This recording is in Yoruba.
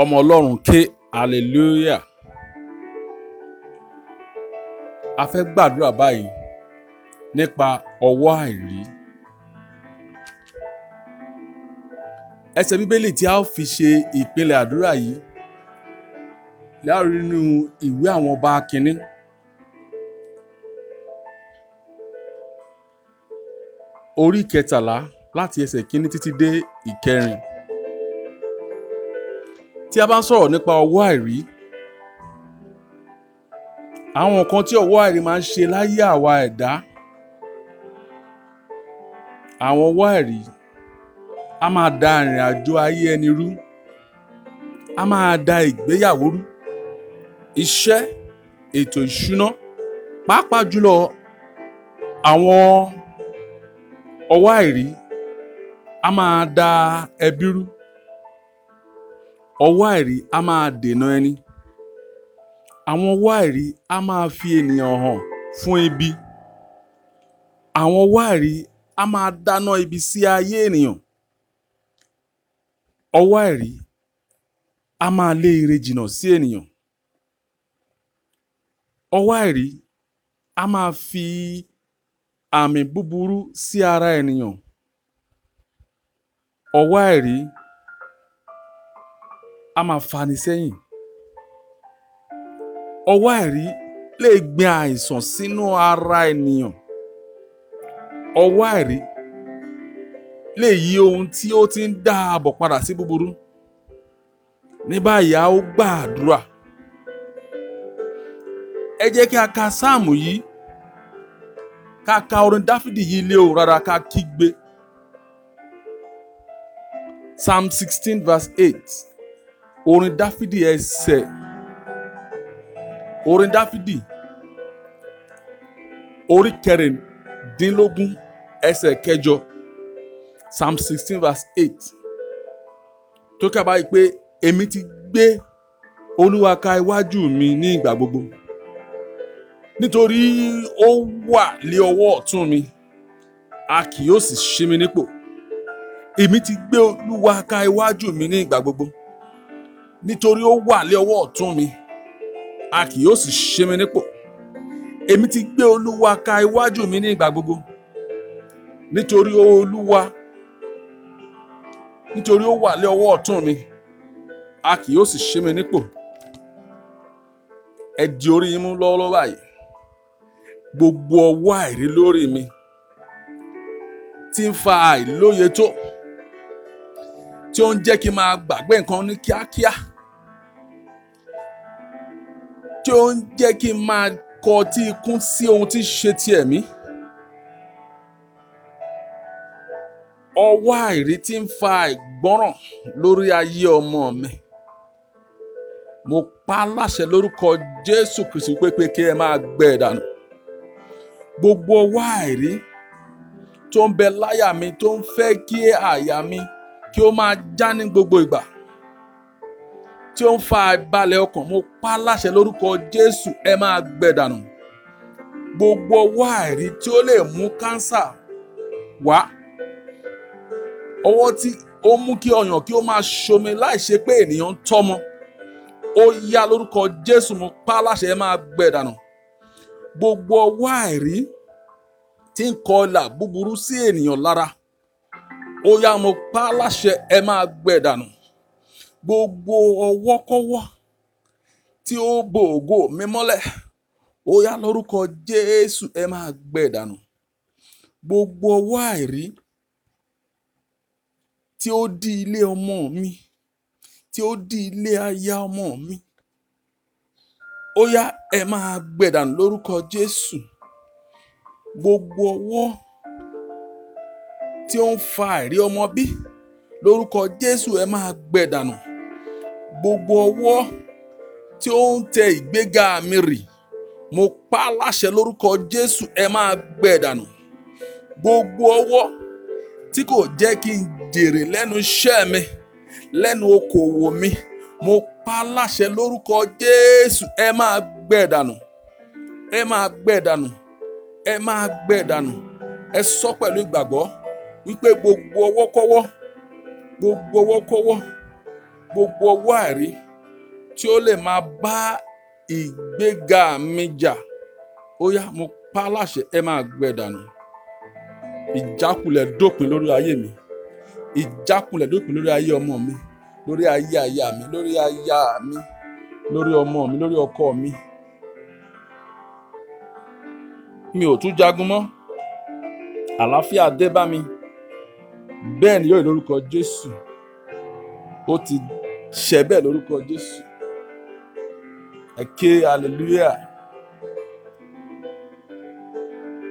ọmọ ọlọ́run ké hallelujah a fẹ́ gbàdúrà báyìí nípa ọwọ́ àìrí ẹsẹ̀ bíbélì tí a fi ṣe ìpìlẹ̀ àdúrà yìí láàrin nínú ìwé àwọn ọba kínní. orí kẹtàlá láti ẹsẹ̀ kínní títí dé ìkẹrin. E tí a bá ń sọ̀rọ̀ nípa ọwọ́ àìrí àwọn nǹkan tí ọwọ́ àìrí máa ń ṣe láyé àwa ẹ̀dá àwọn ọwọ́ àìrí a máa da ìrìn àjò ayé ẹni rú a máa da ìgbéyàwó rú iṣẹ́ ètò ìṣúná pàápàá jùlọ àwọn ọwọ́ àìrí a máa da ẹbí rú ọwọ́ àìrí a máa dènà ẹni àwọn ọwọ́ àìrí a máa fi ènìyàn hàn fún ibi àwọn ọwọ́ àìrí a máa dáná ibi sí ayé ènìyàn ọwọ́ àìrí a máa lé ire jìnnà sí ènìyàn ọwọ́ àìrí a máa fi àmì búburú sí ara ènìyàn ọwọ́ àìrí. a máa fani sẹ́yìn ọwọ́ àìrí lè gbin àìsàn sínú ara ènìyàn ọwọ́ àìrí lè yí ohun tí ó ti ń dáàbò padà sí búburú ní báyìí a ó gbàdúrà ẹ jẹ́ kí a ka sáàmù yìí ká ka orin dáfídì yìí lé o rárá ká kígbe psalm sixteen verse eight orin dáfídì ẹsẹ̀ orin dáfídì orí kẹrìndínlógún ẹsẹ̀ kẹjọ psalm sixteen verse eight tó kà báyìí pé èmi ti gbé olúwa ka iwájú mi ní ìgbà gbogbo nítorí ó wà lé ọwọ́ ọ̀tún mi a kì yóò sì ṣí mi nípò èmi ti gbé olúwa ka iwájú mi ní ìgbà gbogbo nítorí ó wà lé ọwọ́ ọ̀tún mi a kì yóò sì ṣe mi nípò èmi ti gbé olúwa ka iwájú mi ní ìgbà gbogbo nítorí olúwa nítorí ó wà lé ọwọ́ ọ̀tún mi a kì yóò sì ṣe mi nípò ẹ di orí yín lọ́wọ́lọ́wọ́ báyìí gbogbo ọwọ́ àìrí lórí mi tí ń fa àìlóye tó tí ó ń jẹ́ kí n máa gbàgbé nǹkan ní kíákíá tí ó ń jẹ́ kí n máa kọ tí ikún sí ohun tí ń ṣe ti ẹ̀mí. ọwọ́ àìrètí ń fa ìgbọ́ràn lórí ayé ọmọ mi mo pa á láṣẹ lórúkọ Jésù Kristu pépé kí ẹ máa gbẹ dànù gbogbo ọwọ́ àìrí tó ń bẹ láyà mi tó ń fẹ́ kí àyà mi kí ó máa já ní gbogbo ìgbà. tí ó ń fa ìbalẹ̀ ọkàn mo pa láṣẹ lórúkọ Jésù ẹ máa gbẹ dànù gbogbo ọwọ́ àìrí tí ó lè mú kánsà wá ọwọ́ tí ó mú kí ọyàn kí ó máa ṣomi láì ṣe pé ènìyàn ń tọ́mọ ó yá lórúkọ Jésù mo pa láṣẹ ẹ máa gbẹ dànù gbogbo ọwọ́ àìrí tí ń kọ ìlà búburú sí ènìyàn lára ó yá mo pa láṣẹ ẹ máa gbẹ dànù gbogbo ọwọ́kọ́wọ́ tí ó bo ògo mi mọ́lẹ̀ ó yá lórúkọ Jésù ẹ máa gbẹ dànù gbogbo ọwọ́ àìrí tí ó di ilé ọmọ mi tí ó di ilé aya ọmọ mi ó yá ẹ máa gbẹ dànù lórúkọ Jésù gbogbo ọwọ́ tí ó ń fa àìrí ọmọ bí lórúkọ Jésù ẹ máa gbẹ dànù. gbogbo ọwọ́ tí ó ń tẹ ìgbéga mi rì mo pa á láṣẹ lórúkọ Jésù ẹ máa gbẹ dànù gbogbo ọwọ́ tí kò jẹ́ kí n jèrè lẹ́nu iṣẹ́ mi lẹ́nu okòwò mi mo pa á láṣẹ lórúkọ Jésù ẹ máa gbẹ dànù ẹ máa gbẹ dànù ẹ máa gbẹ dànù ẹ sọ pẹ̀lú ìgbàgbọ́ wípé gbogbo ọwọ́kọ́wọ́ gbogbo ọwọ́kọ́wọ́ gbogbo ọwọ́ àrí tí ó lè máa bá ìgbéga mi jà ó yá mo pa á láṣẹ ẹ máa gbẹ dànù ìjákulẹ̀ dópin lórí ayé mi ìjákulẹ̀ dópin lórí ayé ọmọ mi lórí ayé aya mi lórí aya mi lórí ọmọ mi lórí ọkọ mi mi ò tún jagun mọ́ àlàáfíà dé bá mi bẹ́ẹ̀ ni yóò lórúkọ Jésù ó ti ṣẹ bẹ́ẹ̀ lórúkọ Jésù ẹ ké hallelujah.